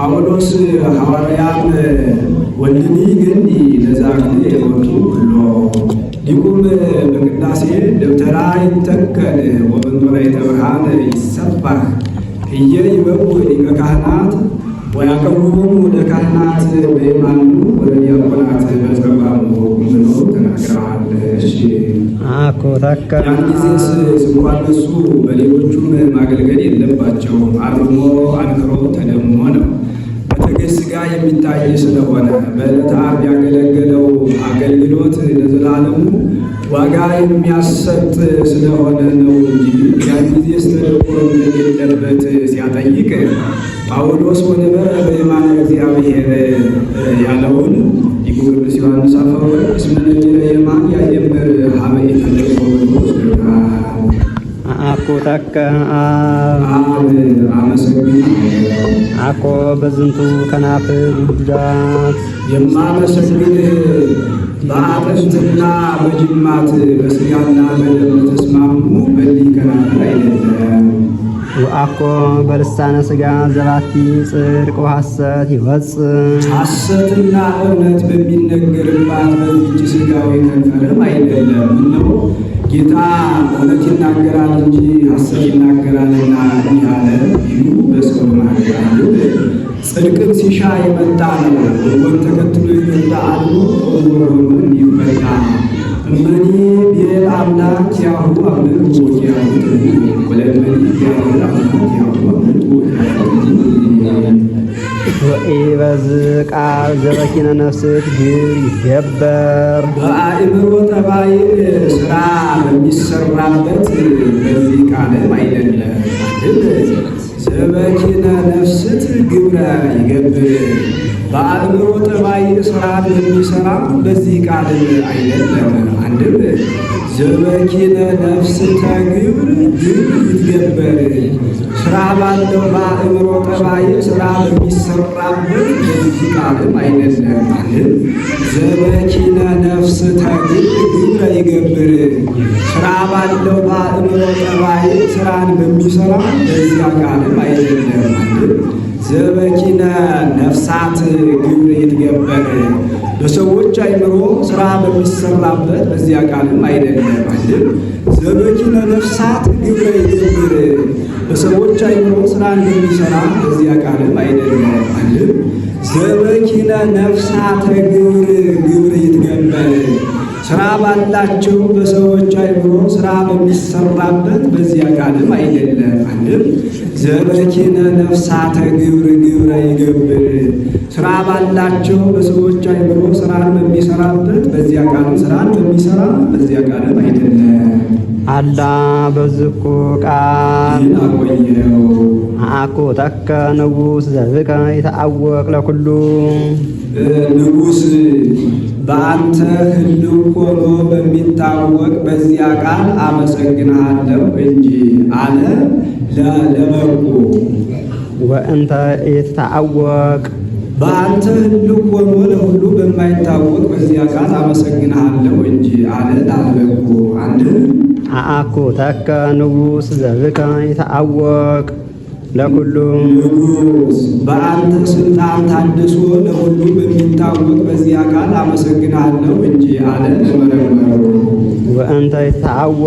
ጳውሎስ ሐዋርያን ወልኒ ግን ለዛ ጊዜ የሞቱ ብሎ ዲሁም በቅዳሴ ደብተራ ይተከል ወመንበረ ብርሃን ይሰባህ እየ ይበቡ ሊቀ ካህናት ወያቀርቡም ወደ ካህናት በየማኑ ወደ ዲያቆናት በጸባሙ ብሎ ተናግራለች። ያን ጊዜስ ስንኳን እሱ በሌሎቹም ማገልገል የለባቸውም። አርሞ አንክሮ ተደሞ ነው በትዕግሥት ሥጋ የሚታይ ስለሆነ በዕለተ ዓርብ ያገለገለው አገልግሎት ለዘላለሙ ዋጋ የሚያሰጥ ስለሆነ ነው እንጂ ያን ጊዜ ስተደቆ እንደሌለበት ሲያጠይቅ ጳውሎስ ወነበረ በየማነ እግዚአብሔር ያለውን ይጉር ሲዮሐንስ አፈወርቅ እስመ የማን ያየምር ሀበ የፈለገ ወንዶስ አኩተከ አብ አኮ በዝንቱ ከናፍ ጉዳት የማመሰግንህ በአጥንትና በጅማት በስጋና በደም ተስማሙ በሊ አይደለም። ወአኮ በልሳነ ስጋ ዘባቲ ጽድቅ ወሐሰት ይወፅ ሐሰትና እውነት በሚነገርባት በዚች ስጋዊ ከንፈርም አይደለም ጌታ እውነት ይናገራል እንጂ ሐሰት ይናገራልና እንዲህ አለ የሚሉ ጽድቅን ሲሻ የመጣ ነው፣ ወን ተከትሎ የመጣ አሉ ወሮምን ይመጣ እመኒ ብዔል አምላክ ያሁ አምላክ ወያሁ ወለእመኒ ያሁ አምላክ ያሁ ኢበዝቃ ዘበኪነ ነፍስት ግር ይገበር በአእምሮ ጠባይ ስራ በሚሰራበት በዚህ ቃልም አይደለም ዘበኪነ ነፍስት ግብረ ይገብር በአእምሮ ጠባይ ስርዓት የሚሰራ በዚህ ቃል አይደለም። አንድም ዘበኪነ ነፍስ ተግብር ግን ይትገበር ስራ ባለው በአእምሮ ጠባይ ስራ በሚሰራበት በዚህ ቃልም አይደለም። አንድም ዘበኪነ ነፍስ ተግብር ግብረ ይገብር ስራ ባለው በአእምሮ ጠባይ ስራን በሚሰራ በዚያ ቃልም አይደለም። አንድም ዘበኪነ ነፍሳት ግብር ይትገበር በሰዎች አይምሮ ስራ በሚሰራበት በዚያ ቃልም አይደለም ዘበኪነ ነፍሳት ግብር ይትገበር በሰዎች አይምሮ ስራ እንደሚሰራ በዚያ ቃልም አይደለም ዘበኪነ ነፍሳት ግብር ግብር ይትገበር ስራ ባላቸው በሰዎች አይምሮ ስራ በሚሰራበት በዚያ ቃልም አይደለም። አንድም ዘመኪነ ነፍሳተ ግብር ግብረ ይገብር ስራ ባላቸው በሰዎች አይምሮ ስራን በሚሰራበት በዚያ ቃልም ስራን በሚሰራ በዚያ ቃልም አይደለም። አላ በዝኩ ቃል አቆየው አኮ ተከ ንጉስ ዘዝቀ የተአወቅ ለኩሉ ንጉሥ በአንተ ህልው ሆኖ በሚታወቅ በዚያ ቃል አመሰግናለሁ እንጂ አለ ለበጎ ወእንተ የተታወቅ በአንተ ህልው ሆኖ ለሁሉ በማይታወቅ በዚያ ቃል አመሰግናለሁ እንጂ አለ ላለበጎ አንድ አአኩ ተከ ንጉሥ ዘብከ የተአወቅ ለኩሉም በአንተ ስልጣን ታድሶ ለሁሉ በሚታወቅ በዚያ ቃል አመሰግናለሁ እንጂ አለ ለመረመሩ ይታወቅ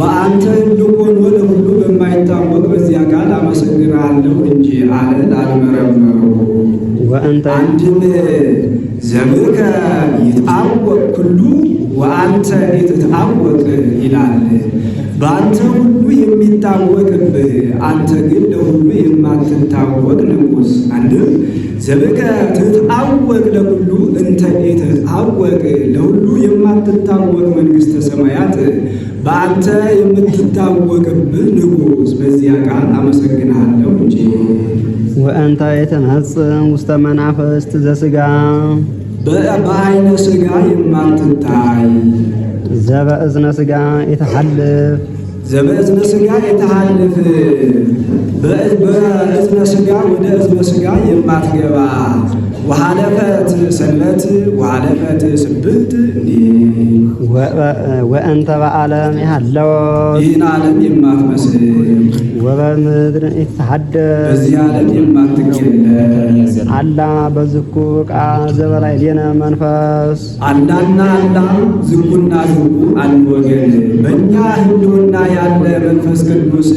በአንተ እንድሆን ለሁሉ በማይታወቅ በዚያ ቃል አመሰግናለሁ እንጂ አለ ላልመረመሩ በአንተ አንድን ዘምርከ ይታወቅ ኩሉ ወአንተ ኢትታወቅ ይላል። በአንተ ሁሉ የሚታወቅብህ አንተ ግን ለሁሉ የማትታወቅ ንጉሥ። አንድም ዘበከ ትታወቅ ለሁሉ እንተ ኢትታወቅ፣ ለሁሉ የማትታወቅ መንግሥተ ሰማያት በአንተ የምትታወቅብህ ንጉሥ። በዚያ ቃል አመሰግናለሁ እንጂ ወአንተ የተናጽ ውስተ መናፈስት ዘስጋ በአይነ ስጋ የማትታይ ዘበእዝነ ስጋ የተሐልፍ ዘበእዝነ ስጋ የተሐልፍ በእዝነ ስጋ ወደ እዝነ ስጋ የማትገባ ወሃለፈት ሰንበት ወሃለፈት ስብህት ወእንተ በዓለም ያለው ይህን ዓለም የማትመስል ወበምድር ይትሐደ በዚህ ዓለም የማትገለጽ አላ በዝኩ ቃል ዘበላይ ዜነ መንፈስ አላና አላ ዝኩና ዝኩ አንድ ወገን በእኛ ህልውና ያለ መንፈስ ቅዱስ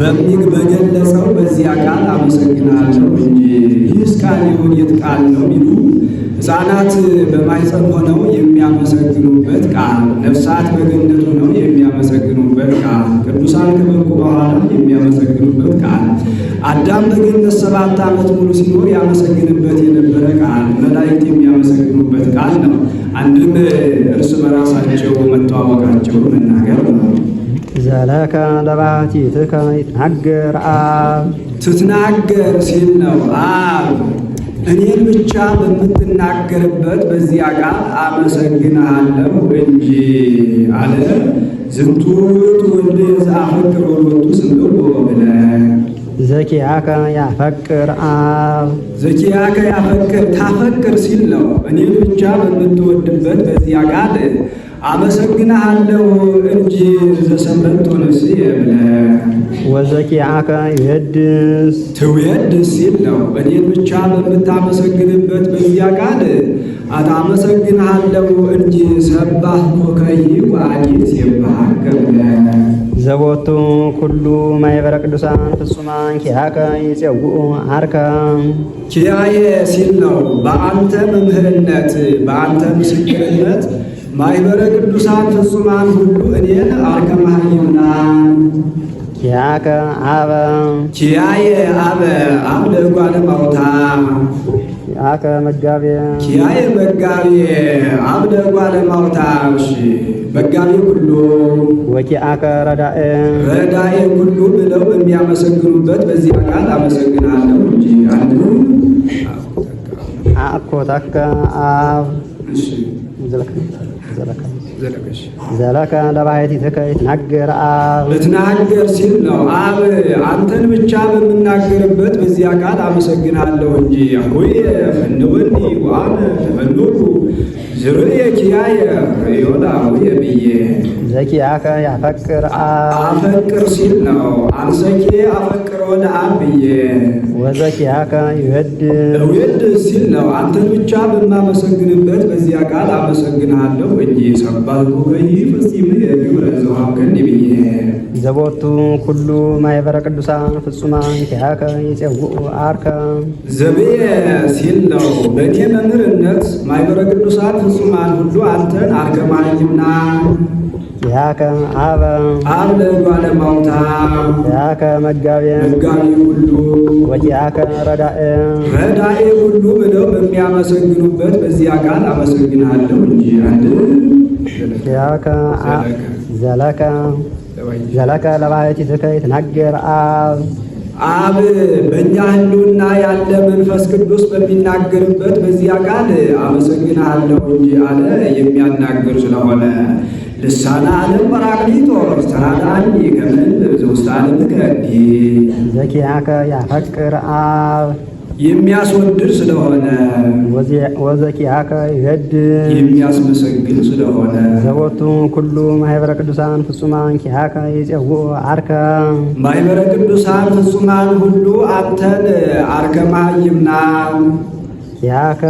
በሚግ በገለጸው በዚያ ቃል አመሰግናለሁ እንጂ ቃል የት ቃል ነው ቢሉ ሕፃናት በማኅፀን ሆነው የሚያመሰግኑበት ቃል፣ ነፍሳት በገነት ሆነው የሚያመሰግኑበት ቃል፣ ቅዱሳን ከበቁ በኋላ የሚያመሰግኑበት ቃል፣ አዳም በገነት ሰባት ዓመት ሙሉ ሲኖር ያመሰግንበት የነበረ ቃል፣ መላእክት የሚያመሰግኑበት ቃል ነው። አንድም እርስ በራሳቸው መተዋወቃቸው መናገር ነው። ዘለከ ለባሕቲትከ ይትናገር አብ ስትናገር ሲል ነው አብ እኔን ብቻ በምትናገርበት በዚያ ቃል አመሰግንሃለሁ እንጂ አለ። ዝንቱ ውእቱ ወልደ ዘአፈቅር ወሎቱ ስምዑ ወበለ ዘኪያከ ያፈቅር አብ ዘኪያከ ያፈቅር ታፈቅር ሲል ነው። እኔን ብቻ በምትወድበት በዚያ ቃል አመሰግናለሁ እንጂ ዘሰንበቶ ነፍስየ ወዘኪዓከ ይሄድስ ትውየድስ ሲል ነው። እኔን ብቻ በምታመሰግንበት በዚያ ቃል አታመሰግንሃለሁ እንጂ ሰባህኮከ ወአዲስ የባህከ ዘቦቱ ኩሉ ማይበረ ቅዱሳን ፍጹማን ኪያከ ይጼውኡ አርከ ኪያየ ሲል ነው። በአንተ መምህርነት በአንተ ምስክርነት ማይበረ ቅዱሳን ፍጹማን ሁሉ እኔ አርከ መሃይምና ኪያከ አበ ኪያየ አበ አብ ለእጓለ ኪያከ መጋቤ ኪያየ መጋቤ አብ ለእጓለ መጋቤ ሁሉ ወኪአከ ረዳኤ ረዳኤ ሁሉ ብለው የሚያመሰግኑበት በዚህ ቃል አመሰግናለሁ እንጂ አንዱ አኮታከ አብ ዘለከ ለባሕቲትከ ይትናገር አብ ልትናገር ሲል ነው። አብ አንተን ብቻ በምናገርበት በዚያ ቃል አመሰግናለሁ እንጂ አሁይ እንውኒ ዋን እንሉ ዝርየ ኪያየ ዮላ ሁየ ብዬ አንሰኪያከ ያፈቅር አፈቅር ሲል ነው። አንሰኪ አፈቅሮ ለአብ ብዬ ወዘኪያከ ይወድ ይወድ ሲል ነው። አንተን ብቻ በማመሰግንበት በዚያ ቃል አመሰግናለሁ እንጂ ሰባልኩ ወይ ፍጺም ግብረ ዘዋብከኒ ብዬ ዘቦቱ ኩሉ ማይበረ ቅዱሳን ፍጹማን ኪያከ ይጼውኡ አርከ ዘብየ ሲል ነው። በእኔ መምህርነት ማይበረ ቅዱሳን ፍጹማን ሁሉ አንተን አርገማኝና ያከ አበ አብ ለእዱ አለማውታ ያከ መጋቤ መጋቤ ሁሉ ወያከ ረዳኤ ረዳኤ ሁሉ ብለው በሚያመሰግኑበት በዚያ ቃል አመሰግናለሁ እንጂ አንድ ያከ ዘለከ ዘለከ ለባህቲ ዝከይ ትናገር አብ አብ በእኛ ህልውና ያለ መንፈስ ቅዱስ በሚናገርበት በዚያ ቃል አመሰግናለሁ እንጂ አለ የሚያናግር ስለሆነ ልሳነ ዓለም ጰራቅሊጦስ ተራዳኒ ከመንብ ዘውስተ ዓለም ትቀድም ዘኪያከ ያፈቅር አብ የሚያስወድድ ስለሆነ ወዘኪያከ ይበድ የሚያስመሰግን ስለሆነ ዘቦቱ ኩሉ ማህበረ ቅዱሳን ፍጹማን ኪያከ የጸውኦ አርከ ማህበረ ቅዱሳን ፍጹማን ሁሉ አንተን አርከ ማይምና ያከ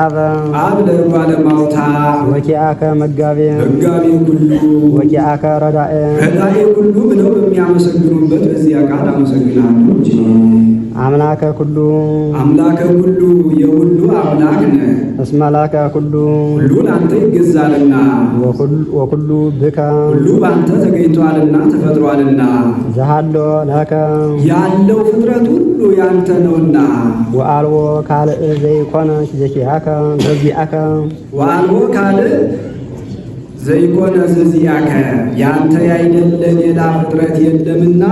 አበ አብ ለርባ ለማውታ ወኪአከ መጋቤ መጋቤ ሁሉ ወኪአከ ረዳኤ ረዳኤ ሁሉ ብለው በሚያመሰግኑበት በዚያ ቃል አመሰግናለሁ እንጂ አምላከ ኩሉ አምላከ ኩሉ የሁሉ አምላክ ነ እስመ ላከ ኩሉ ሁሉ ለአንተ ይገዛልና ወኩሉ ብከ ሁሉ በአንተ ተገኝቷልና ተፈጥሯልና ዘሃሎ ለከ ያለው ፍጥረት ሁሉ ያንተ ነውና ወአልቦ ካልእ ዘይኮነ ዘኪያከ በዚአከ ወአልቦ ካልእ ዘይኮነ ዘዚያከ ያንተ ያይደለ ሌላ ፍጥረት የለምና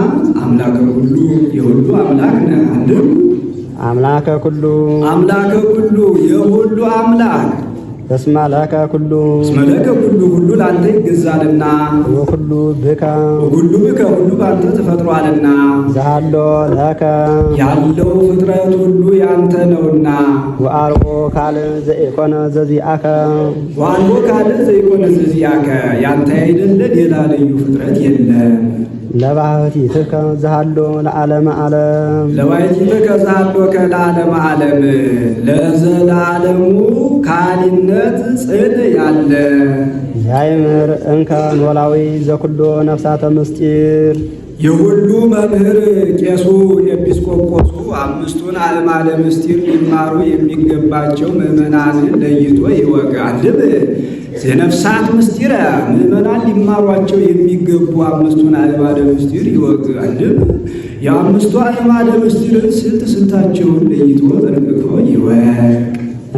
አምላከ ሁሉ የሁሉ አምላክ ነህ። አንድም አምላከ ሁሉ አምላከ ኩሉ የሁሉ አምላክ እስመ ላከ ኩሉ እስመ ለከ ኩሉ ሁሉ ለአንተ ይገዛልና ወኩሉ ብከ ሁሉ ብከ ሁሉ በአንተ ተፈጥሯልና ዛሃሎ ለከ ያለው ፍጥረት ሁሉ ያንተ ነውና ወአልቦ ካልእ ዘኢኮነ ዘዚአከ ወአልቦ ካልእ ዘኢኮነ ዘዚአከ ያንተ አይደለ ሌላ ልዩ ፍጥረት የለም። ለባህቲትከ ዝሃሎ ለዓለመ ዓለም ለባህቲትከ ዝሃሎ ለዓለመ ዓለም ለዘላለሙ ካሊነት ጽድ ያለ ያይምር እንከን ወላዊ ዘኩሎ ነፍሳተ ምስጢር የሁሉ መምህር ቄሱ ኤጲስቆጶሱ አምስቱን አእማደ ምስጢር ሊማሩ የሚገባቸው ምዕመናንን ለይቶ ይወቅ። አንድም የነፍሳት ምስጢር ምእመናን ሊማሯቸው የሚገቡ አምስቱን አእማደ ምስጢር ይወቅ። አንድም የአምስቱ አእማደ ምስጢርን ስልት ስልታቸውን ለይቶ ጠንቅቆ ይወቅ።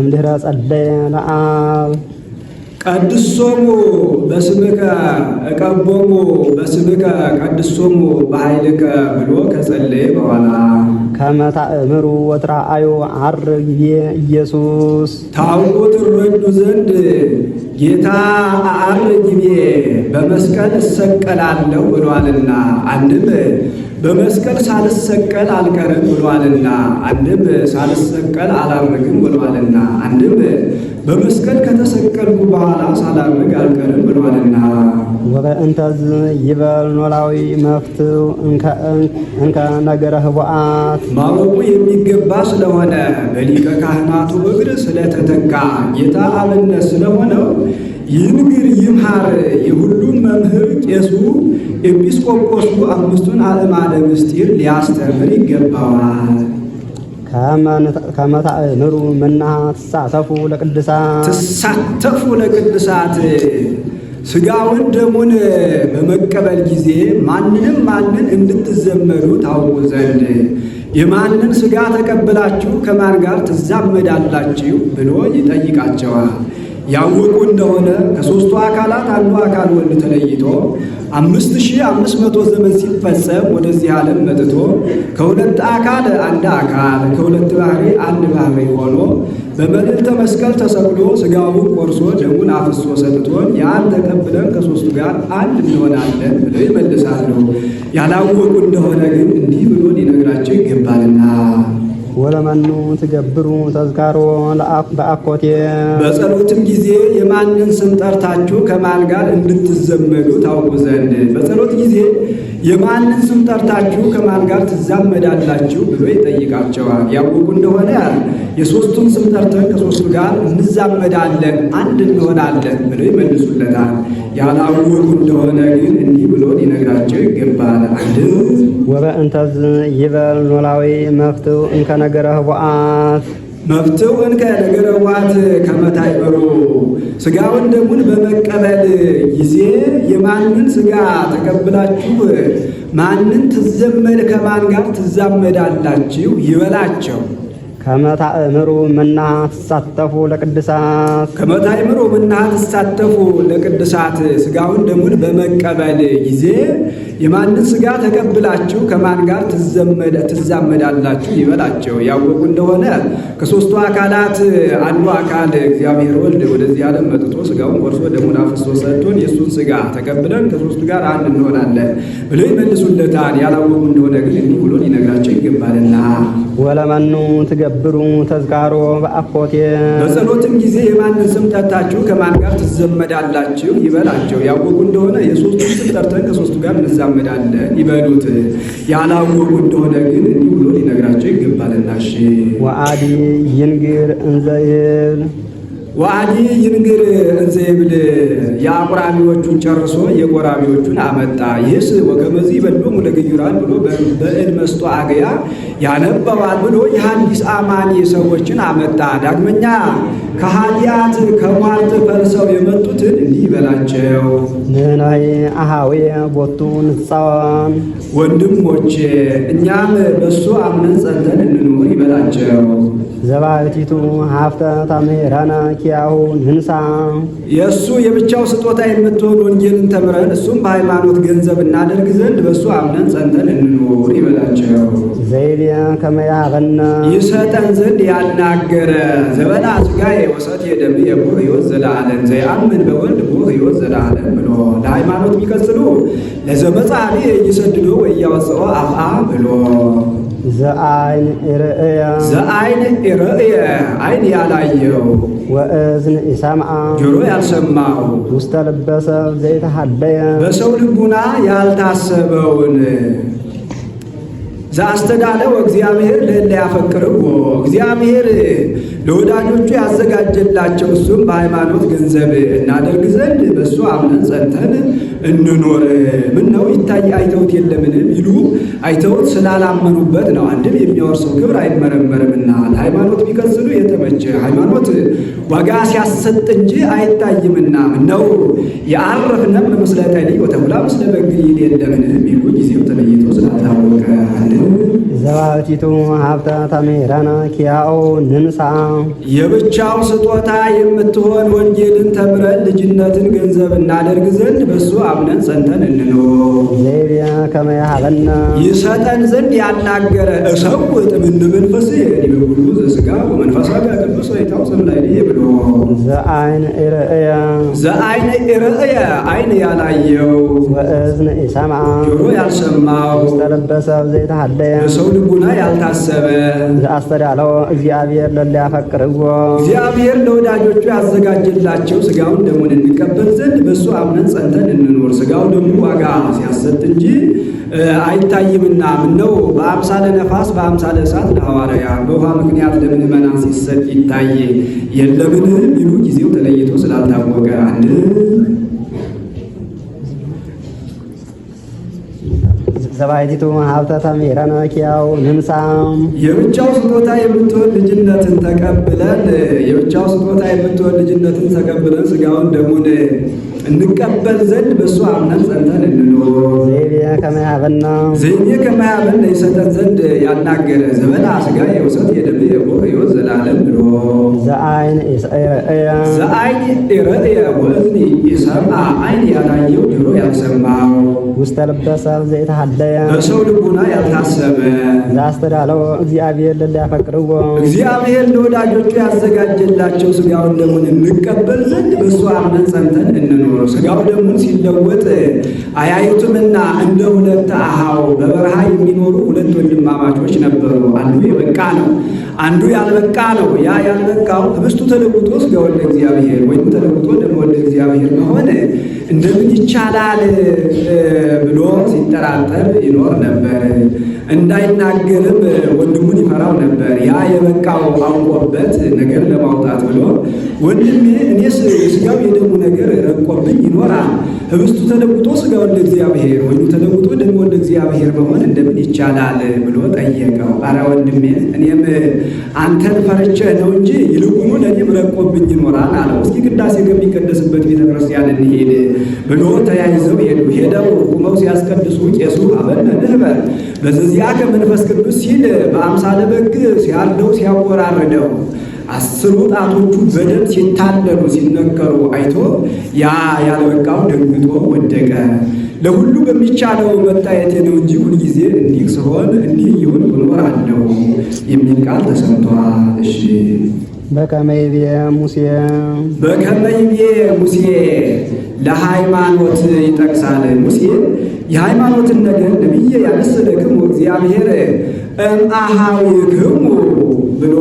እምድኅረ ጸለየ ለአብ ቀድሶሙ በስምከ እቀቦሙ በስምከ ቀድሶሙ በኃይልከ ብሎ ከጸለየ በኋላ ከመታእምሩ ወትራአዩ ዐር ጊዜ ኢየሱስ ታውቁ ትረዱ ዘንድ ጌታ አር ጊዜ በመስቀል እሰቀላለሁ ብሏልና፣ አንድም በመስቀል ሳልሰቀል አልቀርም ብሏልና፣ አንድም ሳልሰቀል አላርግም ብሏልና፣ አንድም በመስቀል ከተሰቀልኩ በኋላ ሳላርግ አልቀርም ብሏልና ወበእንተዝ ይበል ኖላዊ መፍትው እንከ ነገረ ህቡአት ማወቁ የሚገባ ስለሆነ በሊቀ ካህናቱ እግር ስለተተካ ጌታ አብነት ስለሆነው ይንግር ይምሃር የሁሉም መምህር ቄሱ ኤጲስቆጶሱ አምስቱን አእማደ ምስጢር ሊያስተምር ይገባዋል። ከመታምሩ ታእምሩ ትሳተፉ ለቅድሳት ትሳተፉ ለቅድሳት ስጋውን ደሙን በመቀበል ጊዜ ማንንም ማንን እንድትዘመዱ ታውቁ ዘንድ የማንን ስጋ ተቀብላችሁ ከማን ጋር ትዛመዳላችሁ ብሎ ይጠይቃቸዋል። ያወቁ እንደሆነ ከሦስቱ አካላት አንዱ አካል ወልድ ተለይቶ አምስት ሺህ አምስት መቶ ዘመን ሲፈጸም ወደዚህ ዓለም መጥቶ ከሁለት አካል አንድ አካል ከሁለት ባህሪ አንድ ባህሪ ሆኖ በመልዕልተ መስቀል ተሰቅሎ ሥጋውን ቆርሶ ደሙን አፍሶ ሰጥቶን ያን ተቀብለን ከሦስቱ ጋር አንድ እንሆናለን ብለው ይመልሳሉ። ያላወቁ እንደሆነ ግን እንዲህ ብሎን ሊነግራቸው ይገባልና ወለመኑ ትገብሩ ተዝካሮ በአኮቴ በጸሎትም ጊዜ የማንን ስም ጠርታችሁ ከማን ጋር እንድትዘመዱ ታውቁ ዘንድ በጸሎት ጊዜ የማንን ስም ጠርታችሁ ከማን ጋር ትዛመዳላችሁ ብሎ ይጠይቃቸዋል። ያወቁ እንደሆነ የሶስቱን ስም ጠርተን ከሶስቱ ጋር እንዛመዳለን፣ አንድ እንሆናለን ብሎ ይመልሱለታል። ያላወቁ እንደሆነ ግን እንዲህ ብሎ ሊነግራቸው ይገባል። አንድ ወበእንተዝ ይበል ኖላዊ መፍቱ እንከነ ነገረ ህቡአት መፍትውን ከነገረ ነገረ ህቡአት ከመታይ ስጋውን ደሙን በመቀበል ጊዜ የማንን ስጋ ተቀብላችሁ ማንን ትዘመድ ከማን ጋር ትዛመዳላችሁ? ይበላቸው ከመታ እምሩ ምና ትሳተፉ ለቅድሳት ከመታ እምሩ ምና ትሳተፉ ለቅድሳት ስጋውን ደሙን በመቀበል ጊዜ የማንን ስጋ ተቀብላችሁ ከማን ጋር ትዛመዳላችሁ? ይበላቸው ያወቁ እንደሆነ ከሶስቱ አካላት አንዱ አካል እግዚአብሔር ወልድ ወደዚህ ዓለም መጥቶ ስጋውን ቆርሶ ደሙን አፍሶ ሰጥቶን የእሱን ስጋ ተቀብለን ከሶስቱ ጋር አንድ እንሆናለን ብለው ይመልሱለታል። ያላወቁ እንደሆነ ግን ብሎን ይነግራቸው ይገባልና ወለመኑ ትገ ትገብሩ ተዝካሮ በአፎቴ በጸሎትም ጊዜ የማንን ስም ጠርታችሁ ከማን ጋር ትዘመዳላችሁ ይበላቸው። ያወቁ እንደሆነ የሶስቱ ስም ጠርተን ከሶስቱ ጋር እንዛመዳለን ይበሉት። ያላወቁ እንደሆነ ግን እንዲህ ብሎ ሊነግራቸው ይገባልና። እሺ ወአዲ ይንግር እንዘይል ዋዲ ይንግር እንዘ ይብል የአቁራቢዎቹን ጨርሶ የጎራቢዎቹን አመጣ። ይህስ ወገመዚ በድሞ ለግዩራን ብሎ በእድ መስጦ አገያ ያነበባል ብሎ የሐዲስ አማኒ ሰዎችን አመጣ። ዳግመኛ ከሃዲያት ከሟርት ፈልሰው የመጡትን እንዲህ በላቸው፣ ንህናይ አሃዌ ቦቱ ንጻዋን ወንድሞቼ እኛም በሱ አምነን ጸንተን እንኑር ይበላቸው። ዘባቲቱ ሀፍተ ታምሄራነ ኪያሁ ንንሳ የእሱ የብቻው ስጦታ የምትሆን ወንጌልን ተምረን እሱም በሃይማኖት ገንዘብ እናደርግ ዘንድ በእሱ አምነን ጸንተን እንኖር ይበላቸው። ዘይልየ ከመ ይሰጠን ዘንድ ያናገረ ዘበላ ስጋ የወሰት የደም የቡር ሕይወት ዘለዓለም ዘየአምን በወልድ ቦ ሕይወት ዘለዓለም ብሎ ለሃይማኖት የሚቀጽሉ ለዘመጻሪ እየሰድዶ ወያወጽኦ አፍአ ብሎ ዘአይን ኢርእየ ዘአይን ኢርእየ አይን ያላየው ወእዝን ኢሰምዐ ጆሮ ያልሰማው ውስተ ልበ ሰብ ዘይተሃለየ በሰው ልቡና ያልታሰበውን ዘአስተዳለ ወእግዚአብሔር ለእለ ያፈቅርዎ እግዚአብሔር ለወዳጆቹ ያዘጋጀላቸው እሱም በሃይማኖት ገንዘብ እናደርግ ዘንድ በእሱ አምነን ጸንተን እንኖር። ምን ነው ይታይ አይተውት የለምን ቢሉ አይተውት ስላላመኑበት ነው። አንድም የሚያወርሰው ክብር አይመረመርምና ለሃይማኖት ቢከስሉ የተመቸ ሃይማኖት ዋጋ ሲያሰጥ እንጂ አይታይምና ነው የአረፍነም ምስለተ ልይ ወተሁላ ምስለ በግል የለምን የሚሉ ጊዜው ተለይቶ ስላልታወቀ ዘባብቲቱ ሀብተ ተሜራና ኪያኦ ንንሳ የብቻው ስጦታ የምትሆን ወንጌልን ተምረን ልጅነትን ገንዘብ እናደርግ ዘንድ በሱ አምነን ጸንተን እንኖር። ይሰጠን ዘንድ ያናገረ እሰውጥ ምን መንፈስ ሁሉ ዘሥጋ ወመንፈሳ ቅዱስ ይታው ይታውስም ላይ ብሎ ዘአይን ኢርእየ ዘአይን ኢርእየ አይን ያላየው ወእዝን ኢሰምዐ ጆሮ ያልሰማው ውስተ ልበ ሰብእ ዘይተሐለየ ልቡና ያልታሰበ ዘአስተዳለው እግዚአብሔር ለሊያፈ አቅርቦ እግዚአብሔር ለወዳጆቹ ያዘጋጀላቸው ስጋውን ደሙን እንቀበል ዘንድ በእሱ አምነን ጸንተን እንኖር። ስጋው ደሙ ዋጋ ሲያሰጥ እንጂ አይታይምና ምነው በአምሳለ ነፋስ በአምሳለ እሳት ለሐዋርያ በውሃ ምክንያት ለምዕመናን ሲሰጥ ይታይ የለምን? ይሉ ጊዜው ተለይቶ ስላልታወቀ አንድ ዘባይቲቱ ሀብተተም ተሜረነ ንምሳም የብቻው ስጦታ የምትሆን ልጅነትን ተቀብለን የብቻው ስጦታ የምትሆን ልጅነትን ተቀብለን ስጋውን ደሙን እንቀበል ዘንድ በእሱ አምነን ጸንተን እንኖር። ዘይቤ ከማያበን ይሰጠን ዘንድ ያናገረ ዘመና ስጋ የውሰት የደም የሕይወት ዘላለም ብሎ ዘአይን ኢረእየ ወእዝኒ ኢሰምዐ አይን ያላየው ጆሮ ያልሰማው ውስተ ልበ ሰብ ዘይተሃለየ በሰው ልቡና ያልታሰበ ዘአስተዳለው እግዚአብሔር ለሊያፈቅርዎ እግዚአብሔር ለወዳጆቹ ያዘጋጀላቸው ስጋውን ደሙን እንቀበል ዘንድ በእሱ አምነን ጸንተን እንኖር። ጀምሮ ስጋው ደሙን ሲለወጥ አያዩትምና እንደ ሁለት አሃው በበረሃ የሚኖሩ ወንድማማቾች ነበሩ። አንዱ የበቃ ነው፣ አንዱ ያልበቃ ነው። ያ ያልበቃው ህብስቱ ተለውጦ ሥጋው ወደ እግዚአብሔር ወይም ተለውጦ ደግሞ ወደ እግዚአብሔር መሆን እንደምን ይቻላል ብሎ ሲጠራጠር ይኖር ነበር። እንዳይናገርም ወንድሙን ይፈራው ነበር። ያ የበቃው አውቆበት ነገር ለማውጣት ብሎ ወንድሜ እኔስ ስጋው የደሙ ነገር ረቆብኝ ይኖራል ህብስቱ ተለውጦ ስጋ ወደ እግዚአብሔር ወይም ተለውጦ ደግሞ ወደ እግዚአብሔር መሆን እንደምን ይቻላል ብሎ ጠየቀው። አረ ወንድሜ እኔም አንተን ፈርቼ ነው እንጂ ይልቁኑ ለእኔም ረቆብኝ ይኖራል አለው። እስኪ ቅዳሴ ከሚቀደስበት ቤተክርስቲያን እንሄድ ብሎ ተያይዘው ሄዱ። ሄደው ቁመው ሲያስቀድሱ ቄሱ አበነ ንህበ በዚያ ከመንፈስ ቅዱስ ሲል በአምሳለ በግ ሲያርደው ሲያወራርደው አስሩ ጣቶቹ በደም ሲታለሉ ሲነከሩ አይቶ ያ ያልበቃው ደንግጦ ወደቀ። ለሁሉ በሚቻለው መታየቴ ነው እንጂ ጊዜ እንዲህ ስሆን እንዲህ ይሁን እኖራለሁ የሚል ቃል ተሰምቷል። እሺ በከመይቤ ሙሴ በከመይቤ ሙሴ ለሃይማኖት ይጠቅሳል። ሙሴ የሃይማኖትን ነገር ነቢየ ያበሰለክሙ እግዚአብሔር እምአኀዊክሙ ብሎ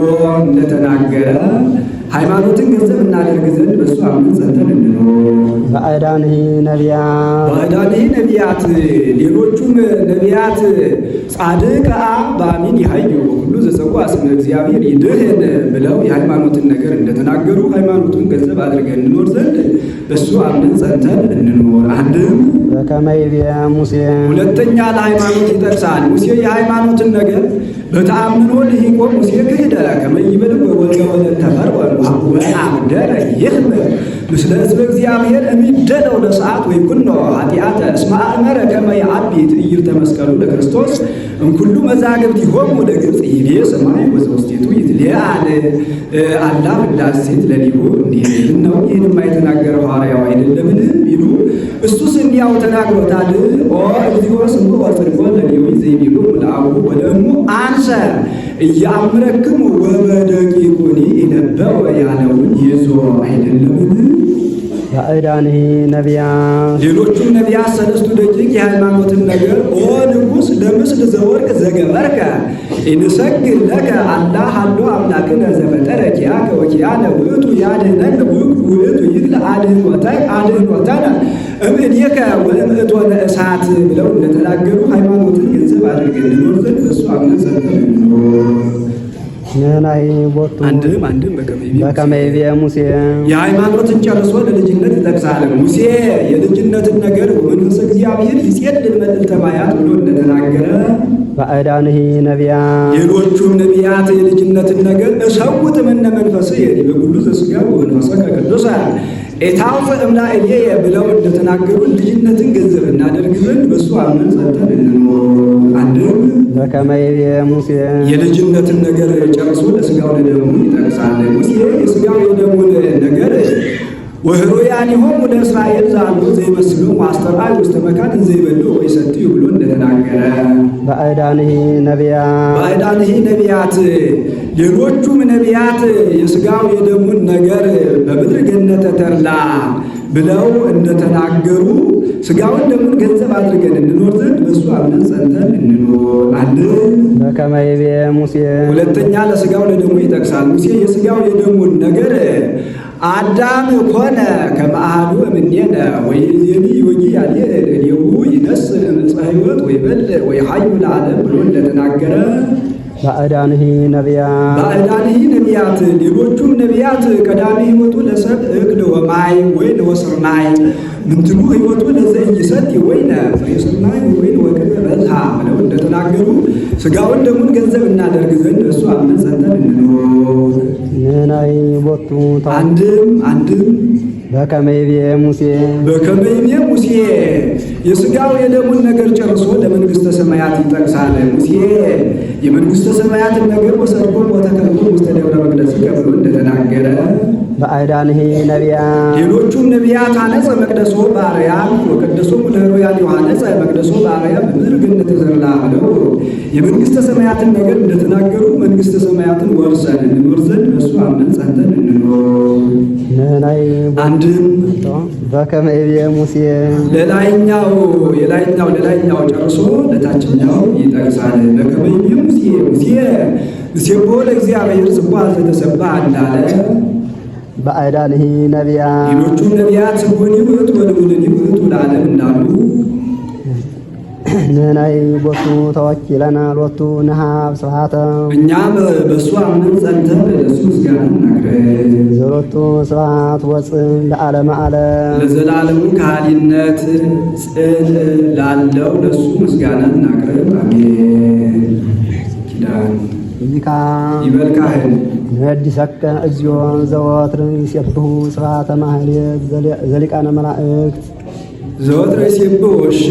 እንደተናገረ ሃይማኖትን ገንዘብ እናደርግ ዘንድ በእሱ አምን ጸንተን እንኖር። ባዕዳንህ ነቢያት ነቢያት ሌሎቹም ነቢያት ጻድቅ አ በአሚን ይሃዩ ሁሉ ዘሰቁ ስመ እግዚአብሔር ይድህን ብለው የሃይማኖትን ነገር እንደተናገሩ ሃይማኖቱን ገንዘብ አድርገን እንኖር ዘንድ በእሱ አምን ጸንተን እንኖር። አንድም በከመይቢያ ሙሴ ሁለተኛ ለሃይማኖት ይጠቅሳል። ሙሴ የሃይማኖትን ነገር በተአምኖ ልሂቆም ሙሴ ክህደ ከመ ይብል ወልደ ወለድ ተፈርወር ወአምደረ ይህምር ምስለ ሕዝበ እግዚአብሔር እሚደለው ለሰዓት ወይኩኖ ኃጢአተ እስመ አእመረ ከመ ይዓቢ ትዕይር ተመስቀሉ ለክርስቶስ እምኩሉ መዛግብት ይሆሙ ለግብፅ ይቤ ሰማይ ወዘውስቴቱ ይትሌአል አላ ህዳሴት ለሊሁ እንዲህ ነው። ይህንም የተናገረ ሐዋርያው አይደለምን ቢሉ እሱስ ያው ተናግሮታል። ኦ እግዚኦ ስሙ ወጽድቆ ለሌዊ ዘይቤሎ ለአቡሁ ወደሙ አንሰ እያምረክሙ ወበደቂቁኒ ኢነበወ ያለውን ይዞ አይደለምን? ያዕዳንሂ ነቢያ ሌሎቹም ነቢያ ሰለስቱ ደቂቅ የሃይማኖትን ነገር ኦ ንጉሥ ለምስል ዘወርቅ ዘገበርከ ኢንሰግድ ለከ አላህ ሀሎ አምላክነ ዘበ ለኪያከ ወኪያነ ውእቱ ያድኅነነ ውእቱ ይትል አድኅኖተነ እምኔከ ወእምእቶነ እሳት ብለው እንደተናገሩ ሃይማኖትን ገንዘብ አድርገን እንኖር ዘንድ እሱ አምነን ዘንድ ነው። አንድም አንድም በከመይቤ ሙሴ የሃይማኖትን ጨርሶ ለልጅነት ይጠቅሳል። ሙሴ የልጅነትን ነገር መንፈስ እግዚአብሔር ይጼልል መልዕልተ ማያት ብሎ እንደተናገረ ባዕዳንሂ ነቢያት ሌሎቹም ነቢያት የልጅነትን ነገር እሰውት ምነ መንፈስ የበጉሉ ዘሥጋ ወመንፈሰ ከቅዱሳን ኤታፍ እምና እሌየ ብለው እንደተናገሩ ልጅነትን ገንዘብ እናደርግ ዘንድ በእሱ አምን ጸንተን እንኖር። አንድም የልጅነትን ነገር ጨርሶ ለስጋው ለደሙ ይጠቅሳል። ሙሴ የስጋው የደሙን ነገር ወህሩያኒሆሙ ለእስራኤል ዛሉ ዘይመስሉ ማስተራይ ውስተ መካን ዘይበሉ ወይሰትዩ ብሎ እንደተናገረ ባዕዳንሂ ነቢያት ባዕዳንሂ ነቢያት ሌሎቹም ነቢያት የስጋው የደሙን ነገር በምድር ገነተ ተርላ ብለው እንደተናገሩ ሥጋውን ደሙን ገንዘብ አድርገን እንኖር ዘንድ በሱ አምነን ጸንተን እንኖር። አንድ በከመ ይቤ ሙሴ ሁለተኛ ለስጋው ለደሙ ይጠቅሳል። ሙሴ የስጋው የደሙን ነገር አዳም ኮነ ከመአሉ እምኔነ ወይዜኒ ዮጊ ያኔ ሌው ይነስ እምፀ ሕይወት ወይ በል ወይ ሀዩ ለዓለም ብሎ እንደተናገረ ባዕዳንሂ ነቢያት ባዕዳንሂ ነቢያት ሌሎቹም ነቢያት ቀዳሚ ህይወቱ ለሰብ እግድ ወማይ ወይ ለወስርናይ ምንትኑ ሕይወቱ ለዘኢይሰት ወይነ ወስርናይ ወይ ወገብ በልሃ ብለው እንደተናገሩ ስጋውን ደሙን ገንዘብ እናደርግ ዘንድ እሱ አመፀተን እንኖር ንናይ ቦቱ አንድም አንድም በከመይቤ ሙሴ በከመይቤ ሙሴ የሥጋው የደሙን ነገር ጨርሶ ለመንግስተ ሰማያት ይጠቅሳል። ሙሴ የመንግሥተ ሰማያትን ነገር ወሰድኮ ወተከልኮ ውስተ ደብረ መቅደስ ይገብሩ እንደተናገረ በአይዳንሄ ነቢያት ሌሎቹም ነቢያት አነጸ መቅደሶ በአርያም ወቅደሶሙ ለህሩያን ዮሐንስ መቅደሶ በአርያም ምድር ግነት ነው። የመንግሥተ ሰማያትን ነገር እንደተናገሩ መንግሥተ ሰማያትን ወርሰን እንኖር ዘንድ በእሱ አምነን ጸንተን እንኖር። ንህናይ አንድም በከመ ይቤ ሙሴ ለላይኛው የላይኛው ለላይኛው ጨርሶ ለታችኛው ይጠቅሳል። በከመ ይቤ ሙሴ ሙሴ ምስቦ ለእግዚአብሔር ጽዋ ዘተሰብአ እንዳለ በአይዳንሂ ነቢያ ሌሎቹም ነቢያት ወዲህ ውእቱ ወለወለኒ ውእቱ ለዓለም እንዳሉ ንህናይ ቦቱ ተወኪለና ሎቱ ንሃብ ስብሐተ እኛም በእሱ አምነን ጸንተን ለእሱ ምስጋና እናቅርብ። ዘሎቱ ስብሐት ወፅን ለዓለመ ዓለም ለዘላለሙ ከሃሊነት ጽል ላለው ለእሱ ምስጋና እናቅርብ። አሜን። ኪዳን ይበልካህል ንህዲስ አከ እግዚኦ ዘወትር ይሴብሑ ስብሐተ ማህሌት ዘሊቃነ መላእክት ዘወትር ይሴብሑ እሺ